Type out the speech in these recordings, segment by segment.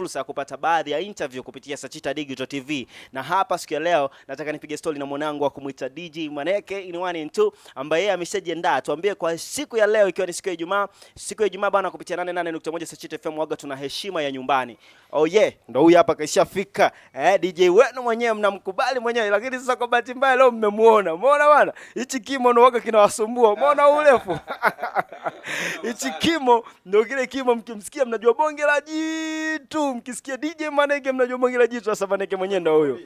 fursa ya kupata baadhi ya interview kupitia Sachita Digital TV, na hapa siku ya leo nataka nipige story na mwanangu wa kumuita DJ Maneke in one and two, ambaye yeye ameshajiandaa. Tuambie kwa siku ya leo, ikiwa ni siku ya Ijumaa, siku ya Ijumaa bana, kupitia 88.1 Sachita FM, waga tuna heshima ya nyumbani. Oh yeah, ndo huyu hapa kaishafika, eh, DJ wenu mwenyewe mnamkubali mwenyewe, lakini sasa kwa bahati mbaya leo mmemuona. Umeona bana, hichi kimo kimono waga kinawasumbua. Umeona urefu hichi kimo, ndio kile kimo, mkimsikia mnajua bonge la jii tu mkisikia DJ Maneke mnajua bonge la jicho. Sasa Maneke mwenyewe ndio huyo.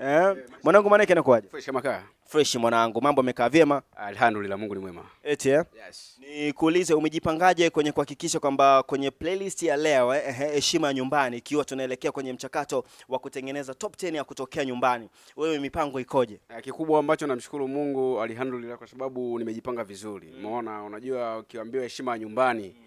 Eh, mwanangu Maneke anakuaje? Fresh makaa. Fresh mwanangu, mambo yamekaa vyema? Alhamdulillah, Mungu ni mwema. Eti eh? Yes. Nikuulize umejipangaje kwenye kuhakikisha kwamba kwenye playlist ya leo eh, eh heshima ya nyumbani ikiwa tunaelekea kwenye mchakato wa kutengeneza top 10 ya kutokea nyumbani. Wewe mipango ikoje? Eh, kikubwa ambacho namshukuru Mungu alhamdulillah kwa sababu nimejipanga vizuri. Umeona, mm. Unajua ukiambiwa heshima ya nyumbani mm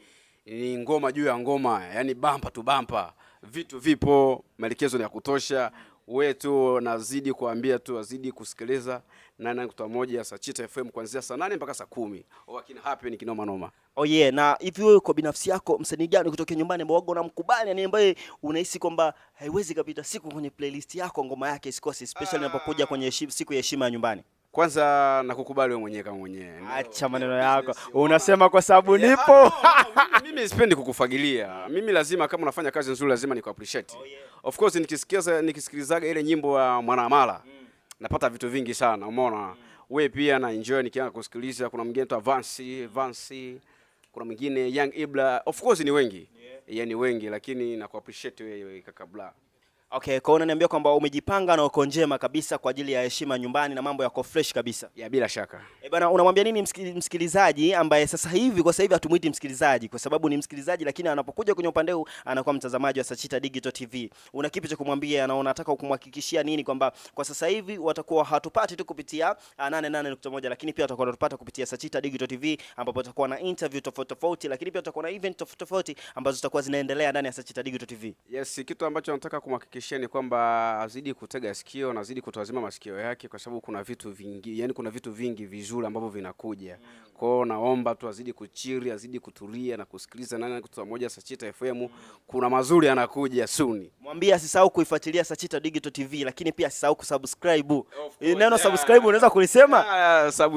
ni ngoma juu ya ngoma, yani bampa tu bampa, vitu vipo, maelekezo ni ya kutosha. wetu tu nazidi kuambia tu wazidi kusikiliza nane kutoa moja Sachita FM kuanzia saa nane mpaka saa kumi. Wakina happy ni kinoma noma. Oh yeah, na hivi wewe kwa binafsi yako msanii gani kutoka nyumbani ambao wako unamkubali ni ambaye unahisi kwamba haiwezi kapita siku kwenye playlist yako ngoma yake isikose especially ah. inapokuja kwenye siku ya heshima ya nyumbani? Kwanza nakukubali wewe mwenyewe kama mwenyewe. Acha maneno yako. Unasema kwa sababu nipo. Mimi sipendi kukufagilia. Mimi lazima kama unafanya kazi nzuri lazima niku appreciate. Oh, of course nikisikia nikisikilizaga ile nyimbo ya Mwanamala mm. napata vitu vingi sana, umeona? Mm. We pia na enjoy nikianza kusikiliza kuna mwingine tu Vance, Vance, kuna mwingine Young Ibla. Of course ni wengi. Yeah. ni wengi lakini naku appreciate wewe kaka Bla. Okay, kwa hiyo unaniambia kwamba umejipanga na uko njema kabisa kwa ajili ya heshima nyumbani na mambo yako fresh kabisa. Ya bila shaka bana, unamwambia nini msikilizaji ambaye sasa hivi kwa sasa hivi hatumuiti msikilizaji kwa sababu ni msikilizaji, lakini anapokuja kwenye upande huu anakuwa mtazamaji wa Sachita Digital TV. Una kipi cha kumwambia na unataka kumhakikishia nini kwamba kwa sasa hivi watakuwa hatupati tu kupitia 88.1 ah, lakini pia watakuwa wanatupata kupitia Sachita Digital TV ambapo tutakuwa na interview tofauti tofauti, lakini pia tutakuwa na event tofauti tofauti ambazo zitakuwa zinaendelea ndani ya Sachita Digital TV. Yes, kitu ambacho nataka kumhakikishia ni kwamba azidi kutega sikio na azidi kutazama masikio yake kwa sababu kuna vitu vingi, yani kuna vitu vingi vizuri vyakula ambavyo vinakuja Kwao naomba tu azidi kuchiri, azidi kutulia na kusikiliza nani kutoa moja Sachita FM Kuna mazuri anakuja soon. Mwambie asisahau kuifuatilia Sachita Digital TV, lakini pia asisahau kusubscribe. Eh, neno subscribe unaweza kulisema? Ah,